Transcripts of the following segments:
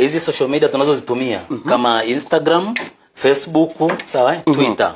hizi social media tunazozitumia mm -hmm. kama Instagram, Facebook, sawa mm -hmm. Twitter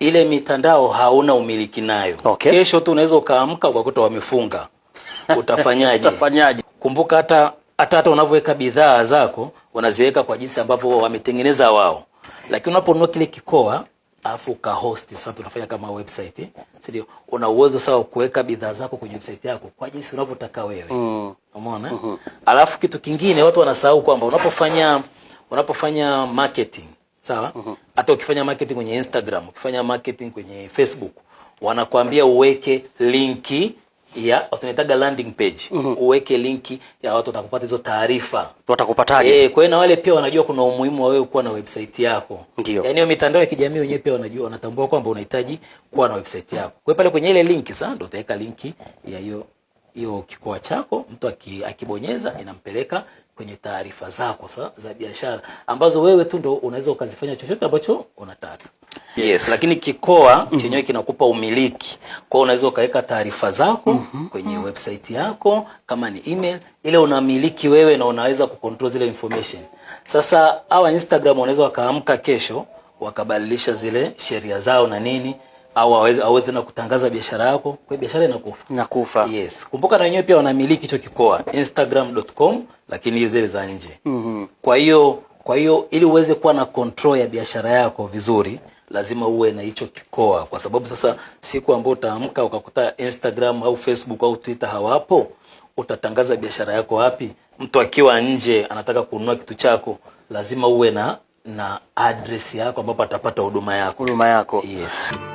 ile mitandao hauna umiliki nayo. Okay. Kesho tu unaweza ukaamka ukakuta wamefunga, utafanyaje? Utafanyaje? Kumbuka hata hata hata unavyoweka bidhaa zako unaziweka kwa jinsi ambavyo wametengeneza wao, lakini unaponunua kile kikoa afu ka host sasa tunafanya kama website eh? si ndio? una uwezo sawa kuweka bidhaa zako kwenye website yako kwa jinsi unavyotaka wewe. Mm. Umeona? Mm -hmm. Alafu kitu kingine watu wanasahau kwamba unapofanya unapofanya marketing sawa? Mm -hmm. Hata ukifanya marketing kwenye Instagram, ukifanya marketing kwenye Facebook, wanakuambia uweke linki ya tunaitaga landing page mm -hmm. Uweke linki ya watu watakupata hizo taarifa, watakupataje? Eh, kwa hiyo na wale pia wanajua kuna umuhimu wa wewe kuwa na website yako, ndio yani mitandao ya kijamii wenyewe pia wanajua, wanatambua kwamba unahitaji kuwa na website yako. Kwa hiyo pale kwenye ile linki sasa ndio utaweka linki ya hiyo hiyo kikoa chako, mtu akibonyeza inampeleka kwenye taarifa zako sasa za biashara ambazo wewe tu ndio unaweza ukazifanya chochote ambacho unataka. Yes, lakini kikoa mm -hmm. chenyewe kinakupa umiliki. Kwa hiyo unaweza ukaweka taarifa zako mm -hmm. kwenye website yako kama ni email ile unamiliki wewe na unaweza kucontrol zile information. Sasa hawa Instagram wanaweza wakaamka kesho wakabadilisha zile sheria zao na nini au aweze aweze na kutangaza biashara yako, kwa biashara inakufa. Inakufa. Yes. Kumbuka na wenyewe pia wanamiliki hicho kikoa instagram.com lakini zile za nje. Mm -hmm. Kwa hiyo kwa hiyo ili uweze kuwa na control ya biashara yako vizuri lazima uwe na hicho kikoa, kwa sababu sasa siku ambayo utaamka ukakuta Instagram au Facebook au Twitter hawapo, utatangaza biashara yako wapi? Mtu akiwa nje anataka kununua kitu chako, lazima uwe na na address yako ambapo atapata huduma yako, huduma yako. Yes.